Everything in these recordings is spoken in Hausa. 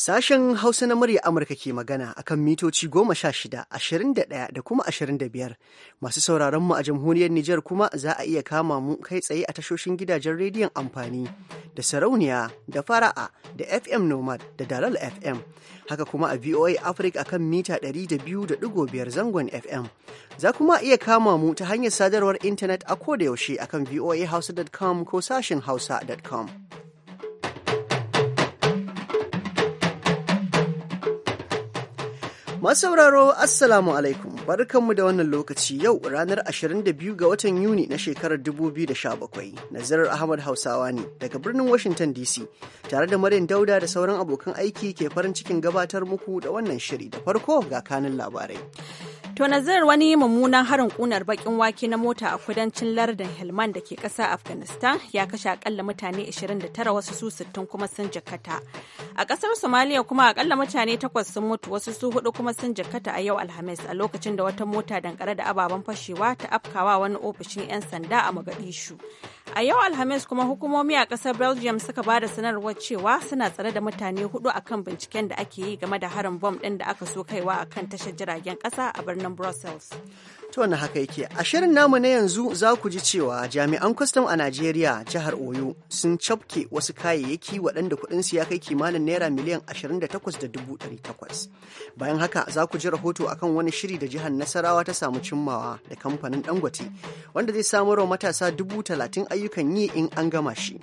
Sashen Hausa na murya Amurka ke magana akan mitoci goma sha shida, ashirin da ɗaya da kuma ashirin da biyar. Masu sauraron mu a jamhuriyar Nijar kuma za a iya kama mu kai tsaye a tashoshin gidajen rediyon amfani da sarauniya da fara'a da FM Nomad da Dalal FM. Haka kuma a VOA Africa akan mita ɗari da biyu da ɗigo biyar zangon FM. Za kuma iya kama mu ta hanyar sadarwar intanet a ko da yaushe akan voahausa.com ko sashen hausa.com. Masauraro Assalamu alaikum barkanmu da wannan lokaci yau ranar 22 ga watan Yuni na shekarar 2017 Nazirar Ahmad Hausawa ne daga birnin Washington DC tare da Maryam Dauda da sauran abokan aiki ke farin cikin gabatar muku da wannan shiri da farko ga kanin labarai. To nazar wani mummunan harin kunar bakin wake na mota a kudancin lardin Helmand da ke ƙasa Afghanistan ya kashe akalla mutane 29 wasu su 60 kuma sun jikkata A ƙasar Somalia kuma akalla mutane 8 sun mutu wasu su hudu kuma sun jikkata a yau Alhamis a lokacin da wata mota dankare da ababen fashewa ta afkawa wani ofishin 'yan sanda a Mogadishu. A yau Alhamis kuma hukumomi a ƙasar Belgium suka ba da sanarwar cewa suna tsare da mutane hudu akan binciken da ake yi game da harin bom ɗin da aka so kaiwa a kan tashar jiragen ƙasa a birnin Brussels. To na haka yake, a shirin namu na yanzu za ku ji cewa jami'an kwastam a Najeriya jihar Oyo sun cafke wasu kayayyaki waɗanda kuɗin su ya kai kimanin naira miliyan 28,800. Bayan haka za ku ji rahoto akan wani shiri da jihar Nasarawa ta samu cimmawa da kamfanin Dangote wanda zai samar wa matasa dubu talatin ayyukan yi in an gama shi.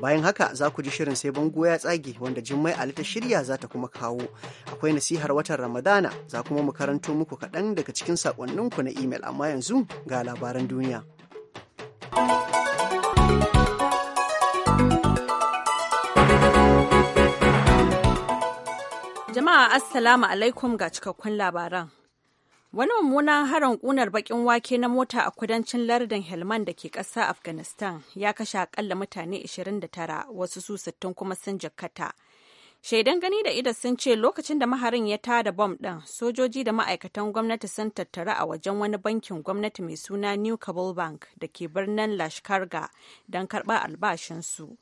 Bayan haka za ku ji shirin sai bango ya tsage wanda Jummai Ali ta shirya za ta kuma kawo. Akwai nasihar watan Ramadana za kuma mu karanto muku kaɗan daga cikin saƙonninku na email amma yanzu ga labaran duniya. Jama'a Assalamu alaikum ga cikakkun labaran. Wani mummunan harin ƙunar baƙin wake na mota a kudancin lardin Helman da ke ƙasa Afghanistan ya kashe akalla mutane 29 wasu su 60 kuma sun jakkata Shaidan gani da ido sun ce lokacin da maharin ya tada bom ɗin, sojoji da ma'aikatan gwamnati sun tattara a wajen wani bankin gwamnati mai suna New Kabul Bank da ke birnin Lashkarga don karɓar albashinsu.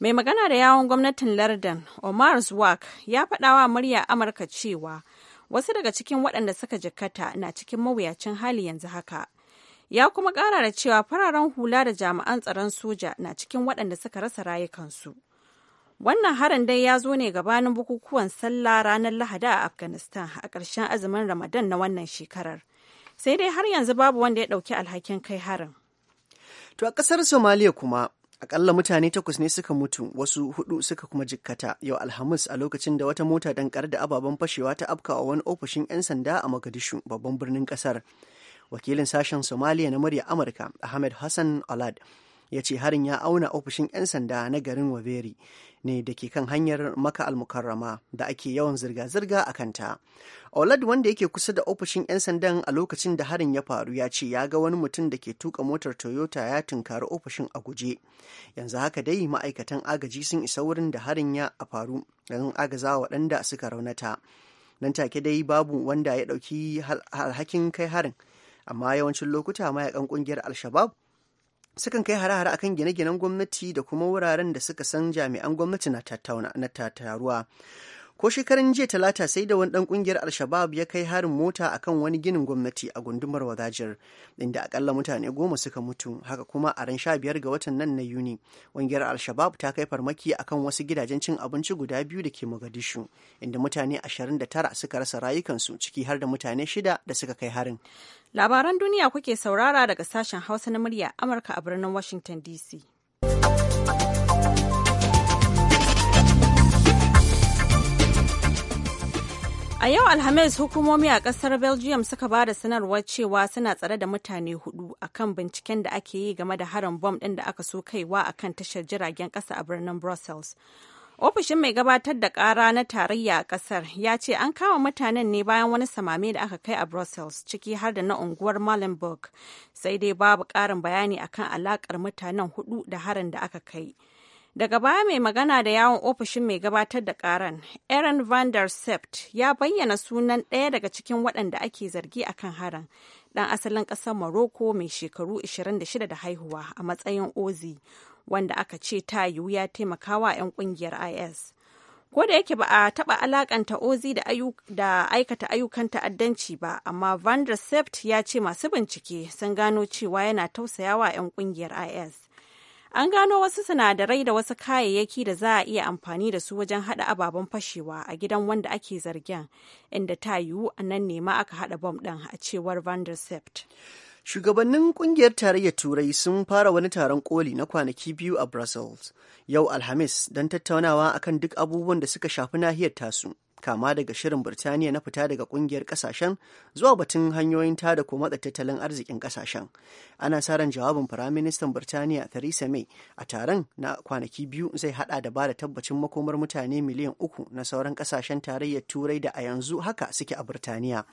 Mai magana da yawon gwamnatin Lardin, Omar Zwak, ya faɗawa murya Amurka cewa wasu daga cikin waɗanda suka jikkata na cikin mawuyacin hali yanzu haka. Ya kuma ƙara da cewa fararen hula da jami'an tsaron soja na cikin waɗanda suka rasa rayukansu. Wannan harin dai ya zo ne gabanin bukukuwan sallah ranar Lahada a Afghanistan a ƙarshen azumin Ramadan na wannan shekarar. Sai dai har yanzu babu wanda ya ɗauki alhakin kai harin. To a ƙasar Somaliya kuma akalla mutane takwas ne suka mutu wasu hudu suka kuma jikkata yau alhamis a lokacin da wata mota dankar da ababen fashewa ta afkawa wani ofishin 'yan sanda a mogadishu babban birnin kasar wakilin sashen somaliya na murya amurka ahmed hassan alad ya ce harin ya auna ofishin 'yan sanda na garin waveri ne da ke kan hanyar maka almukarrama da ake yawan zirga-zirga a kanta olad wanda yake kusa da ofishin 'yan sandan a lokacin da harin ya faru ya ce ya ga wani mutum da ke tuka motar toyota ya tunkari ofishin a guje yanzu haka dai ma'aikatan agaji sun isa wurin da harin ya faru don agaza waɗanda suka raunata nan take dai babu wanda ya ɗauki alhakin kai harin amma yawancin lokuta mayakan ƙungiyar al sukan kai hare-hare akan gine-ginen gwamnati da kuma wuraren da suka san jami'an gwamnati na tattaruwa ko shekaran jiya talata sai da wani dan kungiyar al-shabab ya kai harin mota akan wani ginin gwamnati a gundumar wadajir inda akalla mutane goma suka mutu haka kuma a ran sha biyar ga watan nan na yuni kungiyar al-shabab ta kai farmaki akan wasu gidajen cin abinci guda biyu da ke mogadishu inda mutane ashirin da tara suka rasa rayukansu ciki har da mutane shida da suka kai harin labaran duniya kuke saurara daga sashen hausa na murya amurka a birnin washington dc A yau Alhamis hukumomi a kasar Belgium suka ba da sanarwar cewa suna tsare da mutane hudu a kan binciken da ake yi game da harin bom ɗin da aka so kaiwa a kan tashar jiragen ƙasa a birnin Brussels. Ofishin mai gabatar da ƙara na tarayya a ƙasar ya ce an kama mutanen ne bayan wani samame da aka kai a Brussels ciki har da na unguwar Malenburg sai dai babu ƙarin bayani akan alaƙar mutanen hudu da harin da aka kai. Daga baya mai magana da yawon ofishin mai gabatar da karan, Aaron van der Sept ya bayyana sunan ɗaya daga cikin waɗanda ake zargi a kan harin, ɗan asalin ƙasar Morocco mai shekaru 26 da haihuwa a matsayin Ozi, wanda aka ce ta yiwu ya taimakawa 'yan ƙungiyar IS. Ko da yake ba a taɓa alakanta Ozi da, aikata ayyukan ta'addanci ba, amma Van der Sept ya ce masu bincike sun gano cewa yana tausayawa 'yan ƙungiyar IS. An gano wasu sinadarai da wasu kayayyaki da za a iya amfani da su wajen haɗa ababen fashewa a gidan wanda ake zargin, inda ta yiwu a nan nema aka haɗa bom ɗin a cewar Van der Sept. Shugabannin kungiyar tarayyar Turai sun fara wani taron koli na kwanaki biyu a Brussels yau Alhamis don tattaunawa akan duk abubuwan da suka shafi nahiyar tasu. kama daga shirin Birtaniya na fita daga kungiyar kasashen zuwa batun hanyoyin tada ko matsa tattalin arzikin kasashen. Ana sa ran jawabin Firaministan Birtaniya Theresa May a taron na kwanaki biyu zai hada da ba da tabbacin makomar mutane miliyan uku na sauran kasashen tarayyar Turai da a yanzu haka suke a Birtaniya.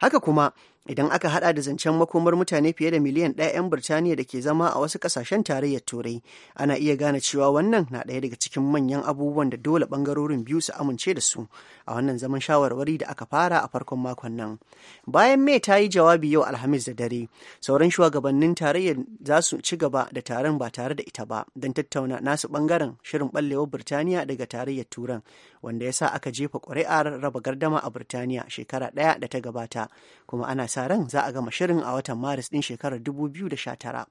Haka kuma idan aka hada da zancen makomar mutane fiye da miliyan ɗaya 'yan birtaniya da ke zama a wasu kasashen tarayyar turai ana iya gane cewa wannan na ɗaya daga cikin manyan abubuwan da dole ɓangarorin biyu su amince da su a wannan zaman shawarwari da aka fara a farkon makon nan bayan mai ta yi jawabi yau alhamis da dare sauran shugabannin tarayyar za su ci gaba da taron ba tare da ita ba don tattauna nasu ɓangaren shirin ɓallewar birtaniya daga tarayyar turan wanda ya sa aka jefa ƙuri'ar raba gardama a Birtaniya shekara ɗaya da ta gabata, kuma ana sa ran za a gama shirin a watan Maris ɗin shekarar 2019.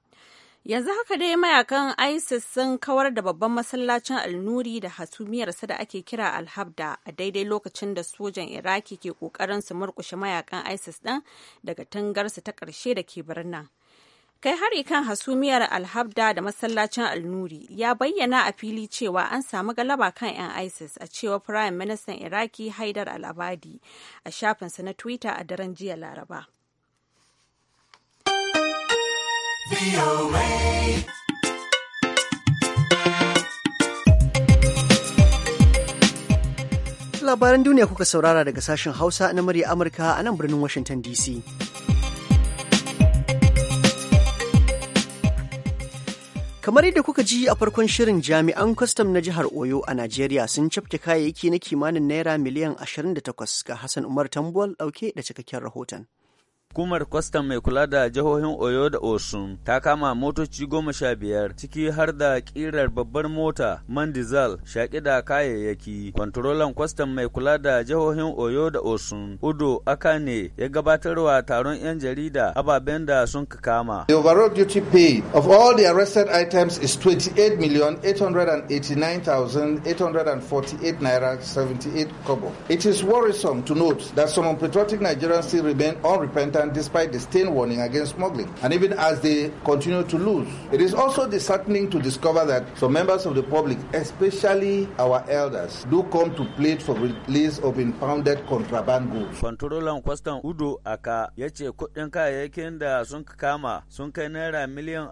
Yanzu haka dai mayakan ISIS sun kawar da babban masallacin alnuri da hasumiyarsa da ake kira alhabda a daidai lokacin da sojan Iraki ke ƙoƙarin su murƙushe mayakan ISIS ɗin daga tangarsa ta ƙarshe da ke birnin. kai hari kan hasumiyar alhabda da masallacin alnuri ya bayyana a fili cewa an samu galaba kan 'yan isis a cewa prime minister iraki haidar al-abadi a shafinsa na twitter a daren jiya laraba labaran duniya kuka saurara daga sashen hausa na murya amurka a nan birnin washington dc Kamar yadda kuka ji a farkon shirin jami'an kwastam na jihar Oyo a Najeriya sun cafke kayayyaki na kimanin naira miliyan 28 ga Hassan Umar Tambuwal ɗauke da cikakken rahoton. Hukumar kwastam mai kula da jihohin Oyo da Osun ta kama motoci goma sha biyar ciki har da ƙirar babbar mota man dizal shaƙi da kayayyaki. Kwantarolan kwastam mai kula da jihohin Oyo da Osun Udo Akane ya gabatarwa taron 'yan jarida ababen da sun kama. The overall duty paid of all the arrested items is 28 million 889,848 naira 78 kobo. It is worrisome to note that some patriotic Nigerians still remain unrepentant despite the stern warning against smuggling, and even as they continue to lose. It is also disheartening to discover that some members of the public, especially our elders, do come to plead for release of impounded contraband goods. Udo Aka kuɗin kayayyakin da sun kama sun kai naira miliyan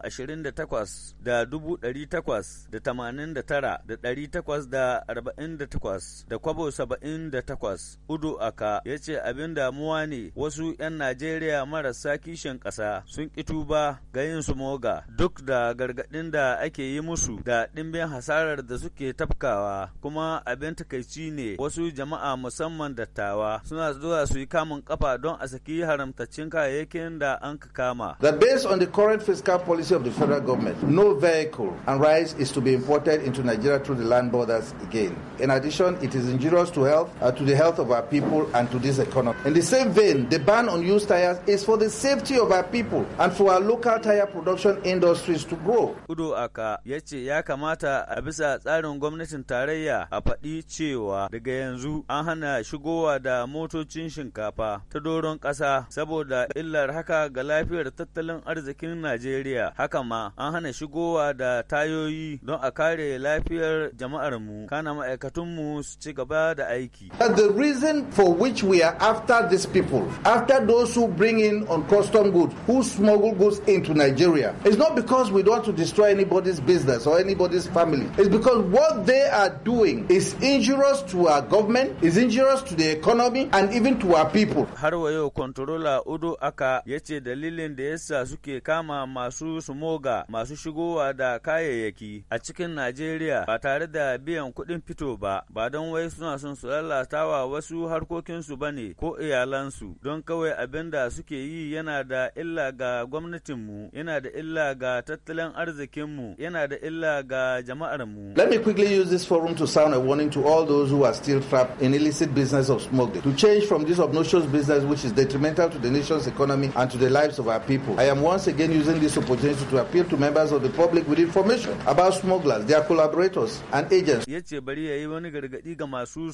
da dubu ɗari takwas da tamanin da tara da ɗari takwas da arba'in da takwas da kwabo saba'in da takwas. Udo Aka abin damuwa ne wasu 'yan Najeriya marasa kishin ƙasa sun ƙi tuba ga yin su moga duk da gargaɗin da ake yi musu da ɗimbin hasarar da suke tafkawa kuma abin takaici ne wasu jama'a musamman dattawa suna zuwa su yi kamun don a saki haramtaccen kayayyakin da an ka kama. That based on the current fiscal policy of the federal government, no vehicle and rice is to be imported into Nigeria through the land borders again. In addition, it is injurious to health, uh, to the health of our people and to this economy. In the same vein, the ban on used tire tires is for the safety of our people and for our local tire production industries to grow. Kudu Aka ya ce ya kamata a bisa tsarin gwamnatin tarayya a faɗi cewa daga yanzu an hana shigowa da motocin shinkafa ta doron ƙasa saboda illar haka ga lafiyar tattalin arzikin Najeriya. Haka ma an hana shigowa da tayoyi don a kare lafiyar jama'armu kana ma'aikatunmu su ci gaba da aiki. That's the reason for which we are after these people, after those who bring in on custom goods, who smuggle goods into Nigeria. It's not because we don't want to destroy anybody's business or anybody's family. It's because what they are doing is injurious to our government, is injurious to the economy, and even to our people. Har wa yau controller Udo Aka ya ce dalilin da sa suke kama masu sumoga masu shigowa da kayayyaki a cikin Najeriya ba tare da biyan kuɗin fito ba, ba don wai suna son su lalatawa wasu harkokinsu ba ne ko iyalansu don kawai abin da suke yi yana da illa ga gwamnatinmu, yana da illa ga tattalin arzikinmu, yana da illa ga jama'armu. Let me quickly use this forum to sound a warning to all those who are still trapped in illicit business of smuggling, to change from this obnoxious business which is detrimental to the nation's economy and to the lives of our people. I am once again using this opportunity to appeal to members of the public with information about smugglers, their collaborators, and agents. Ya ce bari ya yi wani gargaɗi ga masu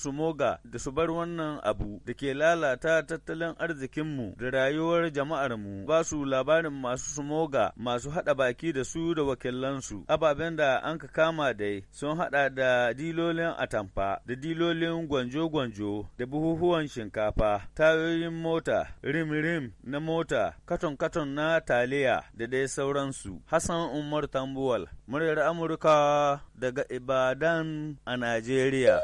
da su bar wannan abu da ke lalata tattalin arzikinmu da rayuwar jama'armu ba su labarin masu sumoga masu haɗa baki da su da wakilansu ababen da an ka kama dai sun haɗa da dilolin atamfa da dilolin gwanjo-gwanjo da buhuhuwan shinkafa tayoyin mota rim-rim na mota katon-katon na taliya da dai sauransu hassan umar tambuwal muryar amurka daga ibadan a najeriya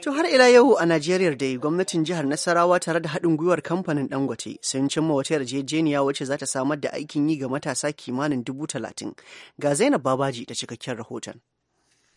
To har ila yau a Najeriya dai gwamnatin jihar Nasarawa tare da haɗin gwiwar kamfanin Dangote sun cimma wata yarjejeniya wacce za ta samar da aikin yi ga matasa kimanin dubu talatin. Ga Zainab Babaji da cikakken rahoton.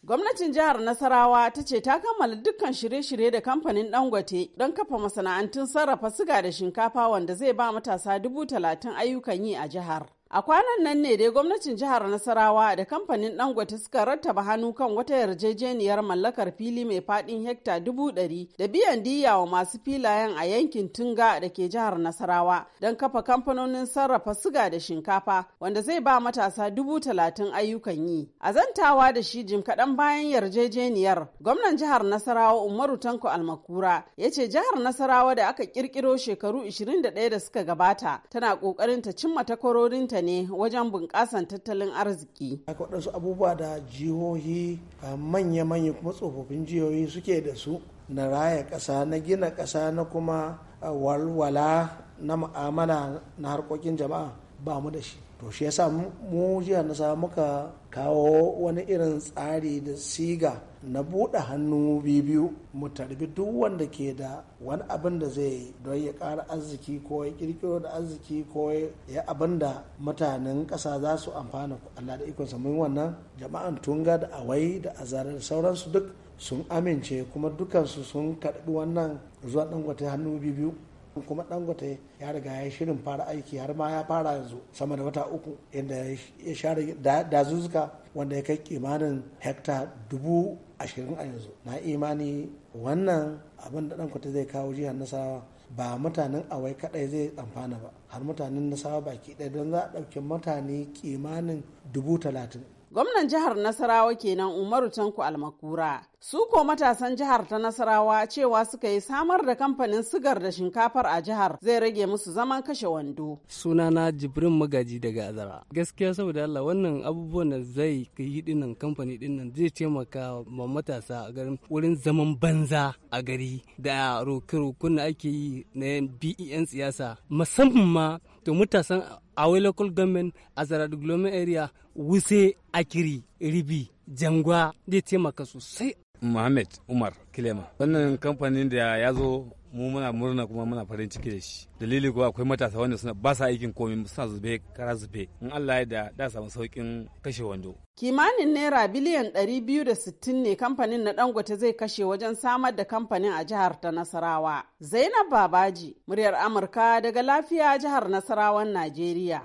Gwamnatin jihar Nasarawa ta ce ta kammala dukkan shirye-shirye da kamfanin Dangote don kafa masana'antun sarrafa siga da shinkafa wanda zai ba matasa dubu talatin ayyukan yi a jihar. A kwanan nan ne dai gwamnatin jihar Nasarawa da kamfanin Dangote suka rattaba hannu kan wata yarjejeniyar mallakar fili mai fadin hekta dubu ɗari da biyan diya wa masu filayen a yankin Tunga da ke jihar Nasarawa don kafa kamfanonin sarrafa suga da shinkafa wanda zai ba matasa dubu talatin ayyukan yi. A zantawa da shi jim kaɗan bayan yarjejeniyar, gwamnan jihar Nasarawa Umaru Tanko Almakura ya ce jihar Nasarawa da aka ƙirƙiro shekaru 21 da suka gabata tana ƙoƙarin ta cimma takwarorinta ne wajen bunƙasan tattalin arziki. Akwai waɗansu abubuwa da jihohi manya-manya kuma tsofaffin jihohi suke da su na raya ƙasa na gina ƙasa na kuma walwala na ma'amala na harkokin jama'a ba mu da shi. To shi yasa mu jihar nasa muka kawo wani irin tsari da siga na buɗe hannu biyu mu tarbi duk wanda ke da wani abin da zai don ya ƙara arziki ko ya kirkiro da arziki ko ya abin da mutanen ƙasa za su amfana Allah da ikonsa mun wannan jama'an tunga da awai da azara da sauransu duk sun amince kuma dukansu sun karɓi wannan zuwa ɗan hannu biyu kuma dangote ya riga ya yi shirin fara aiki har ma ya fara yanzu sama da wata uku inda ya share dazuzuka wanda ya kai kimanin hekta dubu ashirin a yanzu na imani wannan abin da dangote zai kawo jihar nasarawa ba mutanen awai kadai zai amfana ba har mutanen nasarawa baki ɗaya don za a ɗauki mutane kimanin dubu talatin Gwamnan jihar Nasarawa kenan Umaru Tanko Almakura. Su ko matasan jihar ta Nasarawa cewa suka yi samar da kamfanin sigar da shinkafar a jihar zai rage musu zaman kashe wando. Sunana Jibrin Magaji daga Azara. Gaskiya saboda Allah wannan abubuwan da zai yi dinnan kamfani dinnan zai taimaka ma matasa a garin wurin zaman banza a gari da roke-roken da ake yi na BEN siyasa musamman ma to matasan awai local government a zaraduglomin area wuse akiri ribi jangwa zai taimaka sosai muhammed Umar Kilema. Wannan kamfanin da ya zo mu muna murna kuma muna farin ciki da shi dalili kuwa akwai matasa wanda suna ba sa aikin komai suna zube kara zube in Allah ya da da samu saukin kashe wando kimanin naira biliyan 260 ne kamfanin na dangote zai kashe wajen samar da kamfanin a jihar ta nasarawa zainab babaji muryar amurka daga lafiya jihar nasarawan najeriya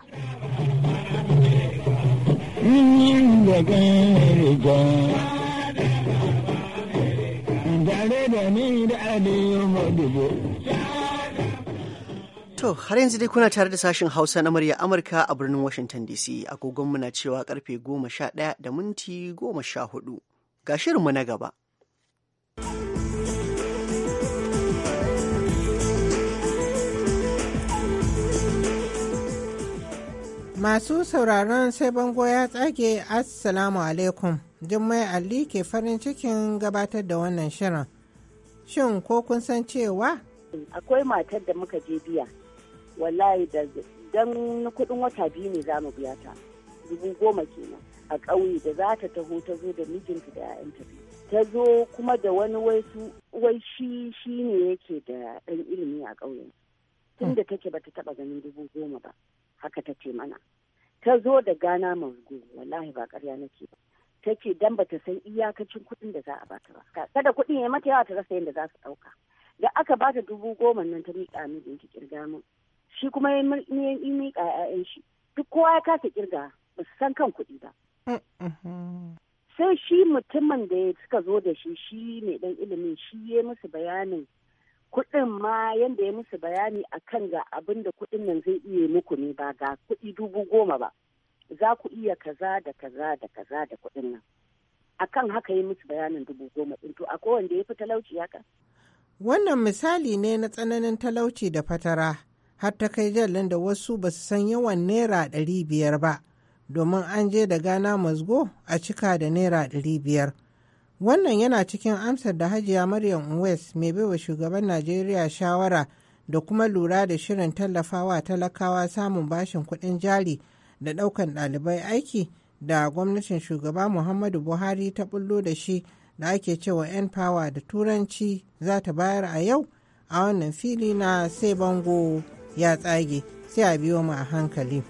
Mm-hmm. tare da ni da aliyu To, har yanzu dai kuna tare da sashen Hausa na murya Amurka a birnin Washington DC, agogonmu na cewa karfe goma sha ɗaya da minti goma sha hudu. Ga shirinmu na gaba. Masu sauraron sai bango ya tsage Assalamu alaikum. Jummai Ali ke farin cikin gabatar da wannan shirin. Shin ko kun san cewa? Akwai matar da muka je biya, wallahi da don kudin wata biyu ne za mu biya ta, dubu goma kenan a ƙauye da za ta taho ta zo da mijinta da 'ya'yanta biyu. Ta zo kuma da wani waisu wai shi shi ne yake da ɗan ilimi a ƙauye Tun da take bata taɓa ganin dubu goma ba, haka ta ce mana. Ta zo da gana mazgo, wallahi ba ƙarya nake ba. ta ce dan bata san iyakacin kuɗin da za a bata ba kada kuɗin ya mata yawa ta rasa yadda za su ɗauka da aka bata dubu goma nan ta miƙa min in ki kirga min shi kuma ya miƙa ƴaƴan shi duk kowa ya kasa kirga ba su san kan kuɗi ba mm-hmm. sai shi mutumin da suka zo da shi shi mai dan ilimin shi ya musu bayanin kuɗin ma yadda ya musu bayani akan ga abin da kuɗin nan zai iya muku ne ba ga kuɗi dubu goma ba za ku iya kaza da kaza da kaza da kuɗin nan kan haka yi musu bayanin dubu goma ɗin to akwai wanda ya fi talauci haka wannan misali ne na tsananin talauci da fatara har ta kai jallin da wasu ba su san yawan naira ɗari biyar ba domin an je da gana mazgo a cika da naira ɗari biyar wannan yana cikin amsar da hajiya maryam west mai baiwa shugaban najeriya shawara da kuma lura da shirin tallafawa talakawa samun bashin kuɗin jari da ɗaukan ɗalibai aiki da gwamnatin shugaba Muhammadu Buhari ta bullo da shi da ake cewa 'yan power da turanci za ta bayar a yau a wannan fili na sai bango ya tsage sai a biyo mu a hankali.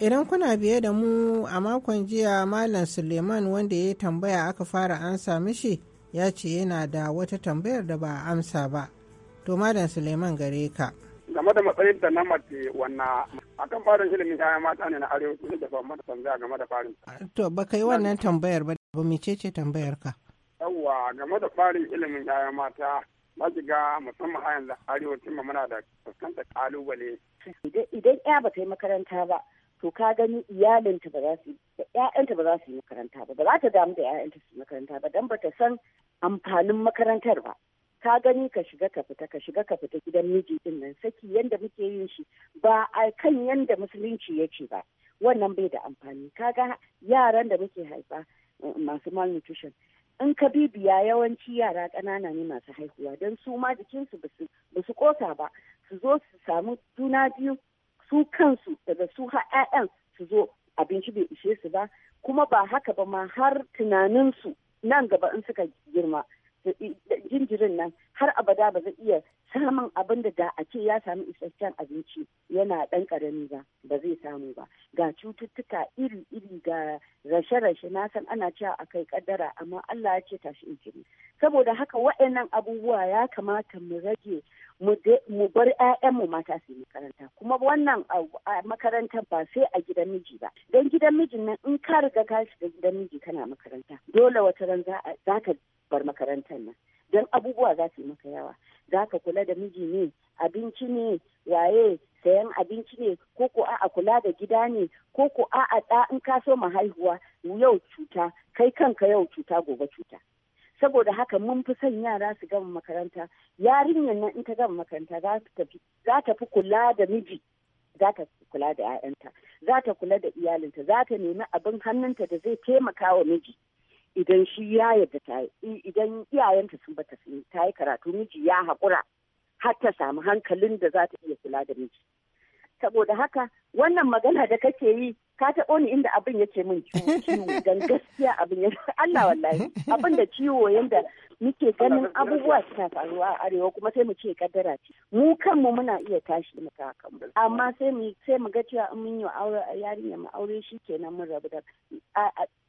Idan kuna biye da mu a makon jiya Malam Suleiman wanda ya tambaya aka fara ansa mishi ya ce yana da wata tambayar da ba a amsa ba. To Malam Suleiman gare ka. game da matsayin da na mace wanna akan farin ilimin ya mata ne na arewacin da ba mata tambaya game da farin. To ba kai wannan tambayar ba ba mai ce tambayar ka? Yawwa game da farin ilimin ya mata na shiga musamman a yanzu arewacin ma muna da fuskantar kalubale. Idan ya ba ta yi makaranta ba to ka gani iyalinta ba za su yi ba za su yi makaranta ba ba za ta damu da ya'yanta su makaranta ba dan ba ta san amfanin makarantar ba. ka gani ka shiga ka fita ka shiga ka fita gidan miji din nan saki yanda muke yin shi ba a kan yanda musulunci yake ba wannan bai da amfani kaga yaran da muke haifa eh, masu malnutrition in ka bibiya yawanci yara ƙanana ne masu haihuwa don su ma jikinsu ba su kosa ba su zo su samu juna biyu su kansu daga su har 'ya'yan su zo abinci bai ishe su ba kuma ba haka ba ma har tunaninsu nan gaba in suka girma jinjirin nan har abada ba zai iya samun abin da da a ce ya samu isasshen abinci yana ɗan karami ba ba zai samu ba ga cututtuka iri-iri ga rashe-rashe na san ana cewa akai kai kaddara amma Allah ya ce tashi in saboda haka waɗannan abubuwa ya kamata mu rage mu bar mu mata su makaranta kuma wannan makarantar ba sai a gidan miji ba don gidan mijin nan in ka riga ka shiga gidan miji kana makaranta dole wata ran za ka bar makarantar nan don abubuwa za su yi maka yawa za ka kula da miji ne abinci ne waye sayan abinci ne ko ko a kula da gida ne ko ko a a in ka so mu haihuwa yau cuta kai kanka yau cuta gobe cuta saboda haka mun fi son yara su gama makaranta yarinyar nan in ta gama makaranta za ta fi kula da miji za ta kula da 'ya'yanta za ta kula da iyalinta za ta nemi abin hannunta da zai taimaka wa miji idan shi ya yadda ta idan iyayenta sun bata ta yi karatu miji ya haƙura har ta samu hankalin da za ta iya kula da miji saboda haka wannan magana da kake yi ka taɓo ni inda abin yake min ciwo don gaskiya abin ya Allah wallahi abin da ciwo yanda muke ganin abubuwa suna faruwa a arewa kuma sai mu ce kaddara ce mu kanmu muna iya tashi mu ka kanmu amma sai mu sai mu ga cewa in mun yi aure yarinya mu aure shi kenan mun rabu da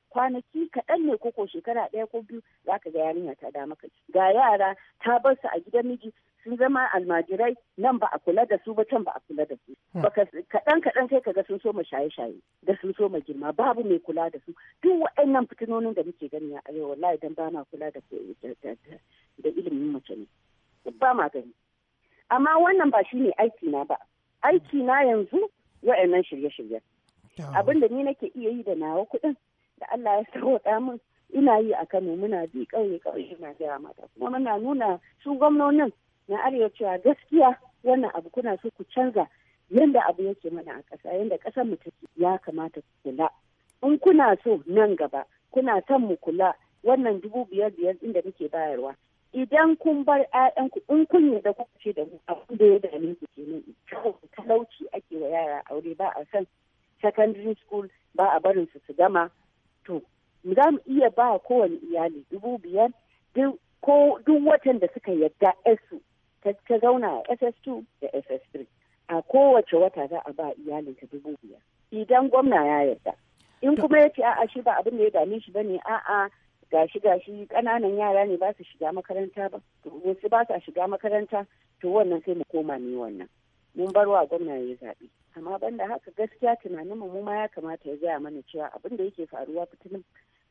kwanaki kaɗan ne ko ko shekara ɗaya ko biyu za ka ga yarinya ta da maka ga yara ta bar su a gidan miji sun zama almajirai nan ba a kula da su ba can ba a kula da su hmm. kaɗan kaɗan kai kaga sun soma shaye-shaye da sun soma girma babu mai kula da su duk waɗannan fitinonin da muke gani a yau wallahi dan ba na kula da da ilimin mace ne ba ma gani amma wannan ba shine aiki na ba aiki na yanzu waɗannan shirye-shirye abin da ni nake iya yi da nawa kuɗin da Allah ya sauwaƙa min ina yi a Kano muna bi ƙauye ƙauye muna gaya mata kuma muna nuna su gwamnonin na arewa cewa gaskiya wannan abu kuna so ku canza yadda abu yake mana a ƙasa yanda ƙasar mu take ya kamata ku kula in kuna so nan gaba kuna son mu kula wannan dubu biyar biyar inda muke bayarwa idan kun bar ku in kun da kuka ce da mu abu da ya dame ku kenan talauci ake wa yara aure ba a san secondary school ba a barin su su gama to za mu iya ba kowane iyali dubu biyar duk watan da suka yarda su ta zauna a ss2 da ss3 a kowace wata za a ba iyalinta dubu biyar idan gwamna ya yarda in kuma ya ce a'a shi ba abin da ya dame shi bane a'a gashi gashi kananan yara ne ba su shiga makaranta ba to wasu ba sa shiga makaranta to wannan sai mu koma ne wannan mun bar wa gwamna ya zaɓe amma banda haka gaskiya tunanin mu ma ya kamata ya gaya mana cewa abin da yake faruwa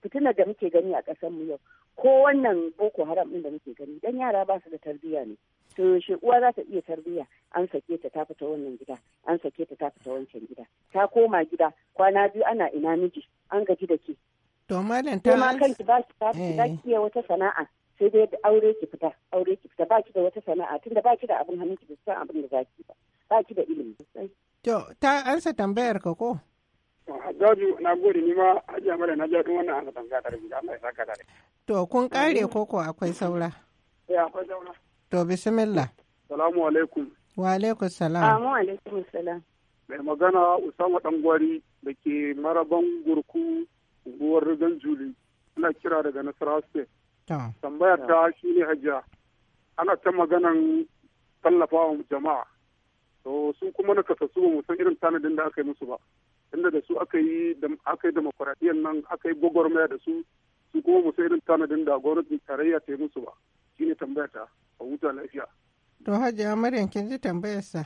fitina da muke gani a ƙasar mu yau ko wannan boko haram din da muke gani dan yara ba su da tarbiyya ne to shi uwa za ta iya tarbiyya an sake ta ta fita wannan gida an sake ta ta fita wancan gida ta koma gida kwana biyu ana ina miji an gaji da ke to malam ta ma kanki ba ki ta ki eh. wata sana'a sai dai aure ki fita aure ki fita ba ki da wata sana'a tunda ba ki da abin hannun ki ba san abin da za ki ba ba ki da ilimi to ta ansa tambayar ka ko Jaju na gode ni ma hajiya mara na jaɗin wannan an tambaya tare da Allah ya saka da To kun kare koko akwai saura? Eh akwai saura. To bismillah. Salamu alaikum. Wa alaikum salam. Amu alaikum salam. Mai magana Usama Dangwari da ke maraban gurku unguwar Rigan Juli. Ina kira daga Nasarawa State. Tambayar ta shi ne hajiya. Ana ta maganan tallafawa jama'a. To su kuma na kasasu ba mu san irin tanadin da aka yi musu ba. Inda da su aka yi da aka nan aka yi gwagwarmaya da su su kuma musu irin tanadin da gwamnatin tarayya ta yi musu ba shine tambaya ta a huta lafiya to hajiya maryam kin ji tambayarsa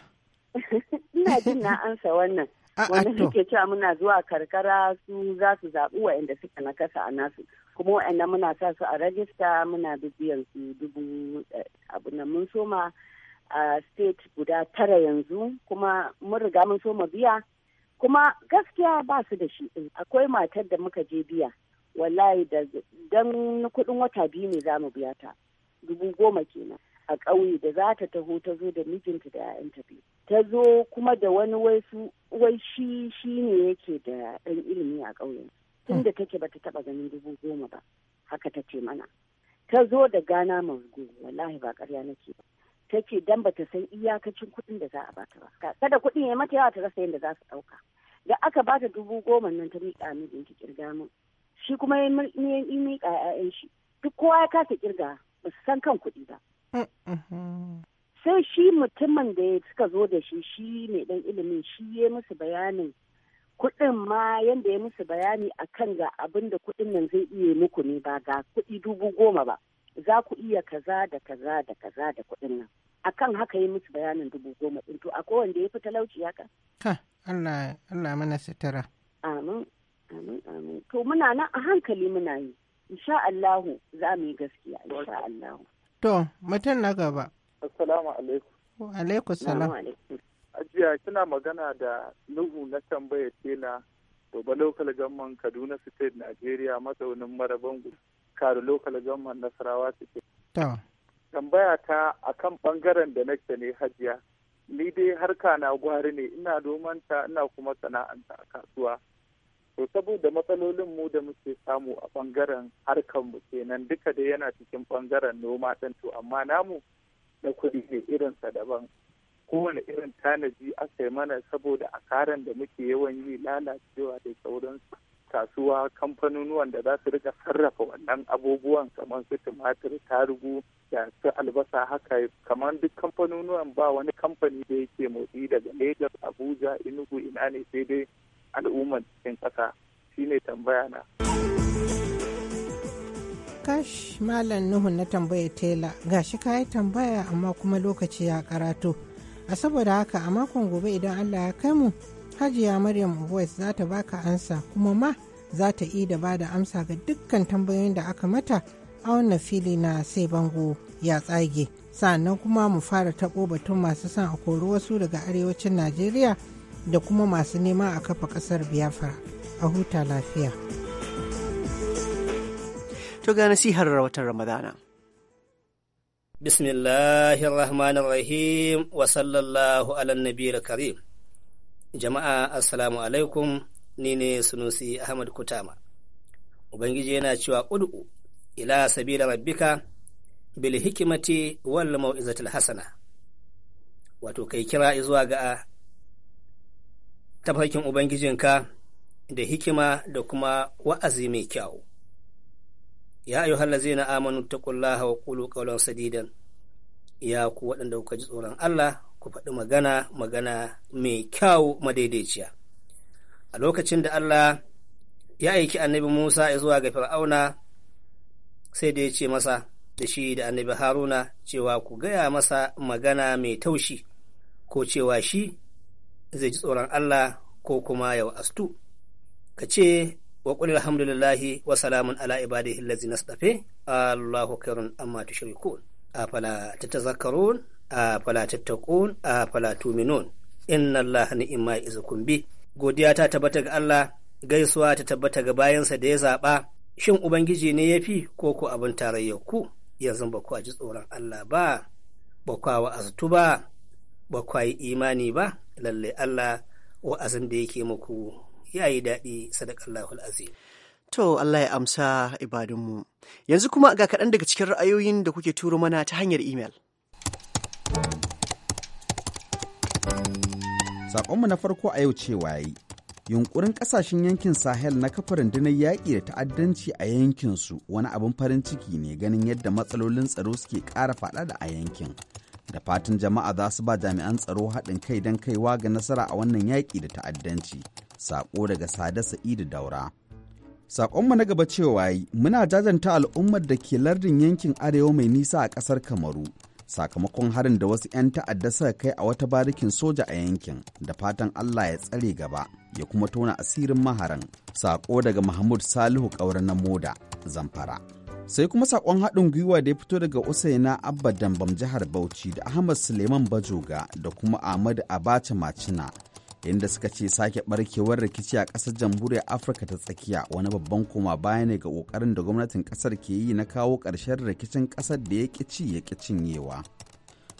ina jin na ansa wannan wanda suke cewa muna zuwa karkara su za su zaɓi inda suka kasa a nasu kuma wa'anda muna sa su a rajista muna bibiyan su dubu eh, abu na mun soma a state guda tara yanzu kuma mun riga mun soma biya kuma gaskiya ba su da shi akwai matar da muka je biya wallahi da dan kuɗin wata biyu ne za mu biya ta dubu goma kenan a ƙauye da za ta taho ta zo da mijinta da 'ya'yanta biyu ta zo kuma da wani waisu wai shi shi ne yake da ɗan ilimi a ƙauye tun da take bata taɓa ganin dubu goma ba haka ta ce mana ta zo da gana mazgo wallahi ba ƙarya nake ba ta ce dan bata san iyakacin kuɗin da za a bata ba kada kuɗin ya mata yawa ta rasa yadda za su ɗauka da aka bata dubu goma nan ta miƙa mijinki kirga mun. shi kuma ya miƙa ‘ya'yan shi duk kowa ya kasa kirga ba su san kan kuɗi ba. Sai shi mutumin da suka zo da shi shi mai ɗan ilimin shi ya musu bayanin kuɗin ma yadda ya musu bayani a kan ga abin da kuɗin nan zai iya muku ne ba ga kuɗi dubu goma ba za ku iya kaza da kaza da kaza da kuɗin nan a kan haka yi musu bayanin dubu goma ɗin to a wanda ya fi talauci haka. Allah Allah mana sitara. To muna nan a hankali muna yi. Insha Allahu za mu yi gaskiya insha Allahu. mutum na gaba. Assalamu alaikum. Wa alaikum salam. Ajiya kina magana da Nuhu na tambaya tela gobe Local Government Kaduna State Najeriya, mazaunin Marabangu kare Local Government Nasarawa State. To. Tambaya ta akan bangaren da nake ne hajiya. Ni dai harka na gwari ne ina domanta ina kuma sana'anta a kasuwa. to saboda matsalolin mu da muke samu a bangaren harkar mu kenan duka dai yana cikin bangaren noma ɗin to amma namu na kuɗi ne irinsa daban kowane irin tanaji aka yi mana saboda asaran da muke yawan yi lalacewa da sauran kasuwa kamfanonuwan da za su rika sarrafa wannan abubuwan kamar su tumatir tarugu da su albasa haka kamar duk kamfanonuwan ba wani kamfani da yake motsi daga lagos abuja inugu ina ne sai dai al'ummar cikin ƙasa shine tambaya na. Kash Malam Nuhu na tambaya tela gashi ka yi tambaya amma kuma lokaci ya karatu. A saboda haka a makon gobe idan Allah ya kai mu Hajiya Maryam Voice za ta baka ansa kuma ma za ta yi da bada amsa ga dukkan tambayoyin da aka mata a wannan fili na sai bango ya tsage. Sannan kuma mu fara taɓo batun masu son a kori wasu daga arewacin Najeriya da kuma masu nema a kafa ƙasar biafra a huta lafiya to ga nasihar watan ramadana bismillahir rahmanir rahim wa sallallahu ala nabiyil karim jama'a assalamu alaikum ni ne sunusi ahmad kutama ubangiji yana cewa ud'u ila sabila rabbika bil hikimati wal mau'izatil hasana wato kai kira zuwa ga tafarkin Ubangijinka da hikima da kuma wa'azi mai kyau. Ya ayu zai na amanu ta taqullaha wa qulu qawlan sadidan. Ya ku waɗanda kuka ji tsoron Allah ku faɗi magana magana mai kyau madaidaiciya. A lokacin da Allah ya aiki annabi Musa ya zuwa ga Fir'auna sai da ya ce masa da shi da annabi Haruna cewa ku gaya masa magana mai taushi ko cewa shi zai ji tsoron Allah ko kuma yau astu ka ce wa qul alhamdulillahi wa salamun ala ibadihi allazi nastafe Allahu khairun amma tushrikun afala tatazakkarun afala tattaqun afala tuminun inna Allah ni'ma izukum bi godiya ta tabbata ga Allah gaisuwa ta tabbata ga bayansa da ya zaɓa shin Ubangiji ne ya fi ko ku abin tarayyar ku yanzu ba ku ji tsoron Allah ba, ba kwa wa'aztu ba, ba kwa imani ba lalle Allah wa'azin da yake muku ya yi daɗi sadakallahul azim. To Allah ya amsa ibadunmu. Yanzu kuma ga kaɗan daga cikin ra'ayoyin da kuke turo mana ta hanyar imel. Saƙonmu na farko a yau cewa yi, yunkurin ƙasashen yankin Sahel na kafa rundunar yaƙi da ta'addanci a yankinsu wani abin farin ciki ne ganin yadda matsalolin tsaro suke ƙara faɗa da a yankin. da fatan jama'a za su ba jami'an tsaro haɗin kai don kaiwa ga nasara a wannan yaƙi da ta'addanci saƙo daga sada sa'idu daura saƙonmu na gaba cewa yi muna jajanta al'ummar da ke lardin yankin arewa mai nisa a ƙasar kamaru sakamakon harin da wasu 'yan ta'adda suka kai a wata barikin soja a yankin da fatan allah ya tsare gaba ya kuma tona asirin maharan saƙo daga mahmud salihu ƙauren na moda zamfara sai kuma sakon haɗin gwiwa da ya fito daga usaina abba dambam jihar bauchi da ahmad suleiman bajoga da kuma ahmad abacha macina inda suka ce sake barkewar rikici a ƙasar jamhuriyar afirka ta tsakiya wani babban koma baya ne ga ƙoƙarin da gwamnatin ƙasar ke yi na kawo ƙarshen rikicin ƙasar da ya ƙici ya ƙi cinyewa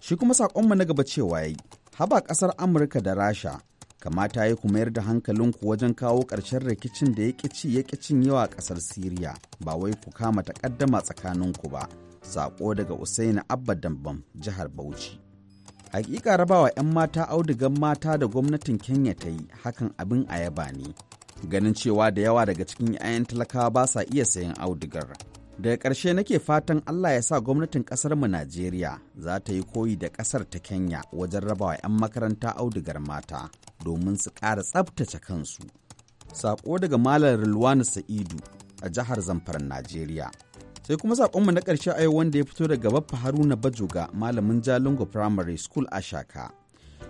shi kuma saƙonmu na gaba cewa yi haba ƙasar amurka da rasha kamata ya ku mayar da hankalinku wajen kawo ƙarshen rikicin da ya ci ya cin yawa a ƙasar Siriya ba wai ku kama taƙaddama tsakaninku ba saƙo daga Usaini Abba Dambam jihar Bauchi Hakika rabawa 'yan mata audugar mata da gwamnatin Kenya ta yi hakan abin a yaba ne ganin cewa da yawa daga cikin 'ya'yan talakawa ba sa iya sayan audugar daga ƙarshe nake fatan Allah ya sa gwamnatin ƙasarmu Najeriya za ta yi koyi da ƙasar ta Kenya wajen rabawa 'yan makaranta audugar mata domin su ƙara tsabtace kansu. sako daga Malam Rilwani Sa'idu a jihar Zamfara, Najeriya. Sai kuma saƙonmu na ƙarshe a yau wanda ya fito daga Baffa Haruna Bajoga, malamin Jalingo Primary School a Shaka.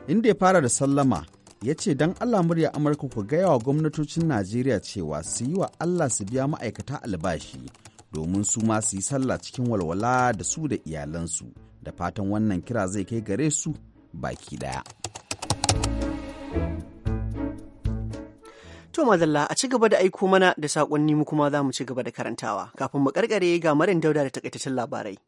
Inda ya fara da sallama, ya ce don Allah murya Amurka ku gaya wa gwamnatocin Najeriya cewa su yi wa Allah su biya ma'aikata albashi domin su ma su yi sallah cikin walwala da su da iyalansu. Da fatan wannan kira zai kai gare su baki ɗaya. To madalla a ci gaba da aiko mana da sakonni mu kuma za mu ci gaba da karantawa kafin mu karkare ga marin dauda da takaitaccen labarai.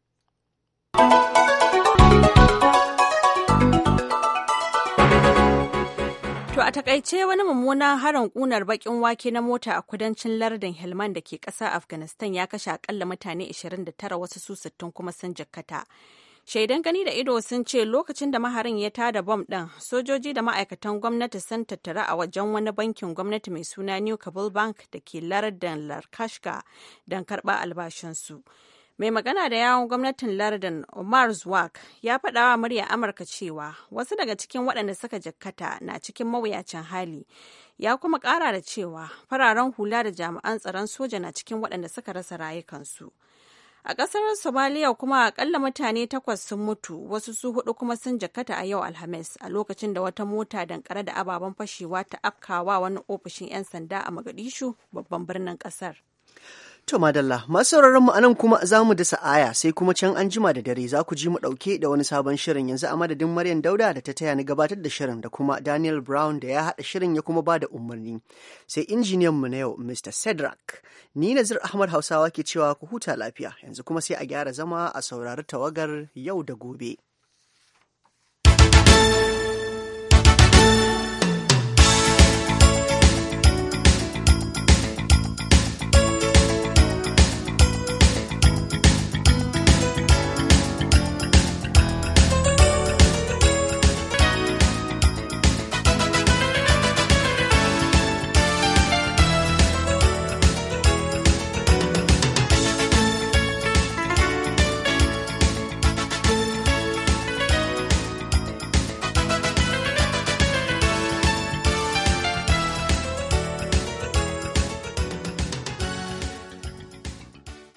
To a takaice wani mummunan harin kunar bakin wake na mota a kudancin lardin Helmand da ke ƙasa Afghanistan ya kashe akalla mutane 29 wasu su 60 kuma sun jikkata. Shaidan gani da ido sun ce lokacin da maharin ya tada bom ɗin, sojoji da ma'aikatan gwamnati sun tattara a wajen wani bankin gwamnati mai suna New Kabul Bank da ke lardin Larkashka don karɓar albashinsu. Mai magana da yawon gwamnatin lardin Omar Zwak ya faɗa wa murya Amurka cewa wasu daga cikin waɗanda suka jakkata na cikin mawuyacin hali. Ya kuma ƙara da cewa fararen hula da jami'an tsaron soja na cikin waɗanda suka rasa rayukansu. A ƙasar Somaliya kuma akalla mutane takwas sun mutu, wasu su hudu kuma sun jakata a yau Alhamis a lokacin da wata mota dankare da ababen fashewa ta afkawa wani ofishin 'yan sanda a Magadishu babban birnin ƙasar. To madalla, masu sauraron mu anan kuma za mu da sa'aya sai kuma can an jima da dare za ku ji mu ɗauke da wani sabon shirin yanzu a madadin Maryam Dauda da ta taya ni gabatar da shirin da kuma Daniel Brown da ya haɗa shirin ya kuma ba da umarni. Sai injiniyan mu na yau Mr. Cedric. Ni Nazir Ahmad Hausawa ke cewa ku huta lafiya yanzu kuma sai a gyara zama a saurari tawagar yau da gobe.